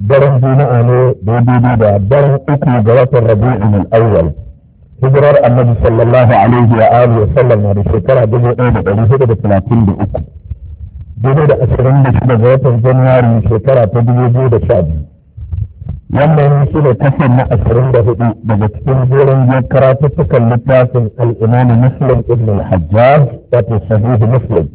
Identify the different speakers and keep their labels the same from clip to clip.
Speaker 1: برن دينا أني بيدي بيدا برن إتي جوات الربيع من الأول هجرار النبي صلى الله عليه وآله وسلم على شكرا دمو أيضا أولي هدد ثلاثين بأكو دمو دا أسرين بشد جوات الجنوار من شكرا تدمو بيدا شعب يما نسل كثير ما أسرين ده إي بجت تنزيرن يكرا تتكلم لتاسم الإمام مسلم ابن الحجاج وتسهيه مسلم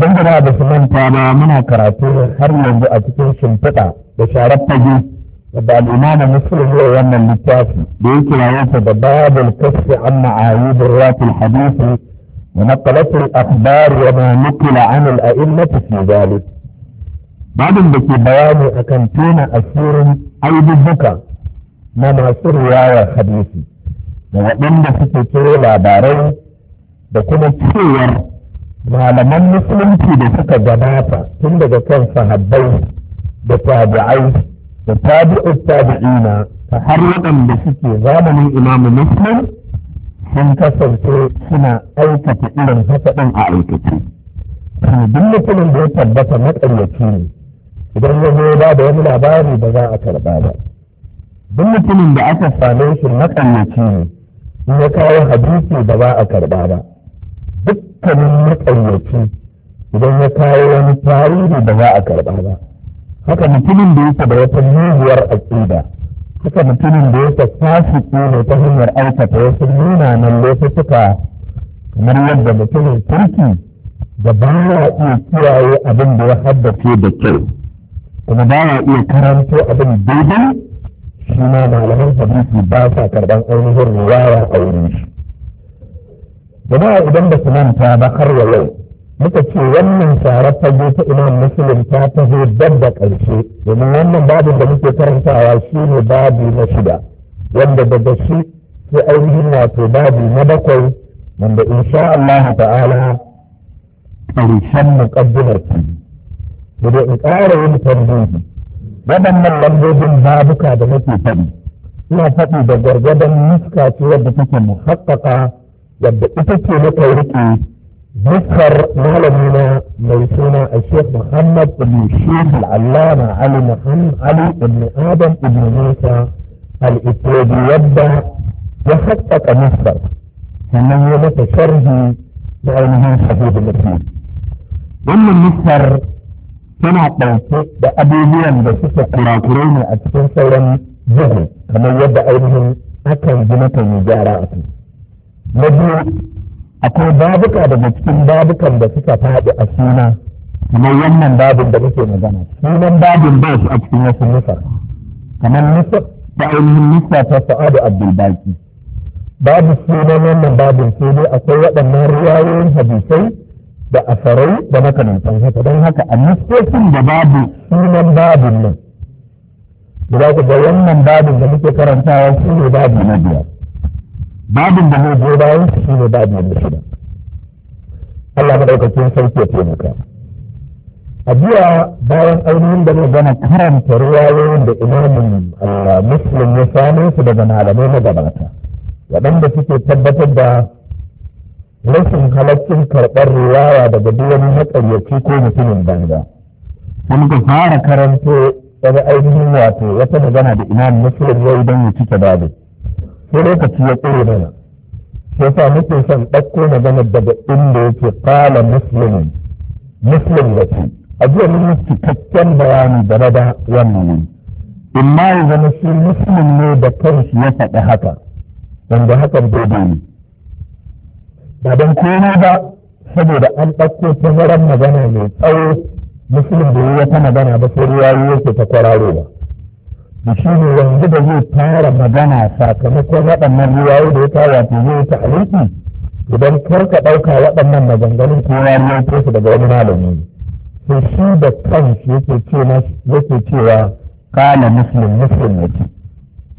Speaker 1: don gaba da su manta ba muna karatu har yanzu a cikin shimfiɗa da sharar fage da al'imama muslim ya wannan littafi da ya kira yansa da babul kasfi an ma'ayyubin ratul hadisi wa naqalatul akhbar wa ma nukila an al'a'immatu fi zalik babin da ke bayani akan tona asirin aibubuka na masu riwayar hadisi da waɗanda suke kiro labarai da kuma cewar malaman musulunci da suka gabata tun daga kan sahabbai da tabi'ai da tabi'u tabi'ina ta har waɗanda suke zamanin imamu muslim sun kasance suna aikata irin haka ɗin a aikace to duk mutumin da ya tabbata maƙaryaci ne idan ya zo ba da wani labari ba za a karba ba duk mutumin da aka same shi maƙaryaci ne in ya kawo hadisi ba za a karɓa ba dukkanin matsayyaci idan ya kawo wani tarihi da za a karɓa ba haka mutumin da yake da wata muguwar aƙida haka mutumin da yake fasiki ne ta hanyar aikata wasu munanan laifuka kamar yadda mutumin turki da ba ya iya kiyaye abin da ya haddace da kyau kuma ba ya iya karanto abin daidai shi ma malaman hadisi ba sa karɓan ainihin riwaya a wurin shi jama'a idan ba su manta ba har wa yau muka ce wannan shara ta je ta imam muslim ta taho dab da ƙarshe domin wannan babin da muke karantawa shi ne babi na shida wanda daga shi sai ainihin wato babi na bakwai wanda insha Allah ta'ala ƙarshen muƙaddimar ta da dai in ƙara yin tambayi waɗannan lambobin babuka da nake faɗi ina faɗi da gwargwadon nuska ce wadda take muhaƙƙaƙa wadda ita ce na riƙe nufar malami na mai suna a shek muhammad ibn shek al'allama ali muhammad ali ibn adam ibn musa al'ifrodi wadda ya haƙaƙa nufar sannan ya mata sharhi da ainihin sahihu muslim wannan nufar tana ɗauke da abubuwan da suka kurakurai ne a cikin sauran jihu kamar yadda ainihin akan ji mata yi gyara a cikin na biyu akwai babuka daga cikin babukan da suka faɗi a suna kamar wannan babin da muke magana sunan babin ba su a cikin wasu nufa kamar nufa ta ainihin nufa ta sa'adu abdulbaki babu sunan wannan babin sai dai akwai waɗannan ruwayoyin hadisai da asarai da makamantan haka don haka a nufofin da babu sunan babin nan da za ku ga wannan babin da muke karantawa su ne babu na biyar babin da zai goyi bayan shi ne babi na shida Allah madaukakin sarki ya taimaka a biya bayan ainihin da zai gana karanta ruwayoyin da imamin ah, muslim ya same su daga malamai na gabata waɗanda suke tabbatar da rashin halaccin karɓar ruwaya daga duwan wani ko mutumin banza sai muka fara karanto daga ainihin wato wata magana da imamin muslim ya yi don ya cike babu sai lokaci ya tsere mana sai sa muke son ɗauko magana daga inda yake kala musulmin muslim da ce a jiya mun yi cikakken bayani game da wannan imma ya zama shi musulmin ne da kanshi ya faɗi haka wanda hakan daidai ne ba don kone ba saboda an ɗauko tazaran magana mai tsawo muslim da yi wata magana ba sai ruwa yake ta kwararowa musamman yanzu da zai fara magana sakamakon waɗannan ruwaye da ya fara ta zai ta alaiki idan kar ka ɗauka waɗannan maganganun ko ya ruwaito su daga wani malami to shi da kanshi yake cewa kana muslim muslim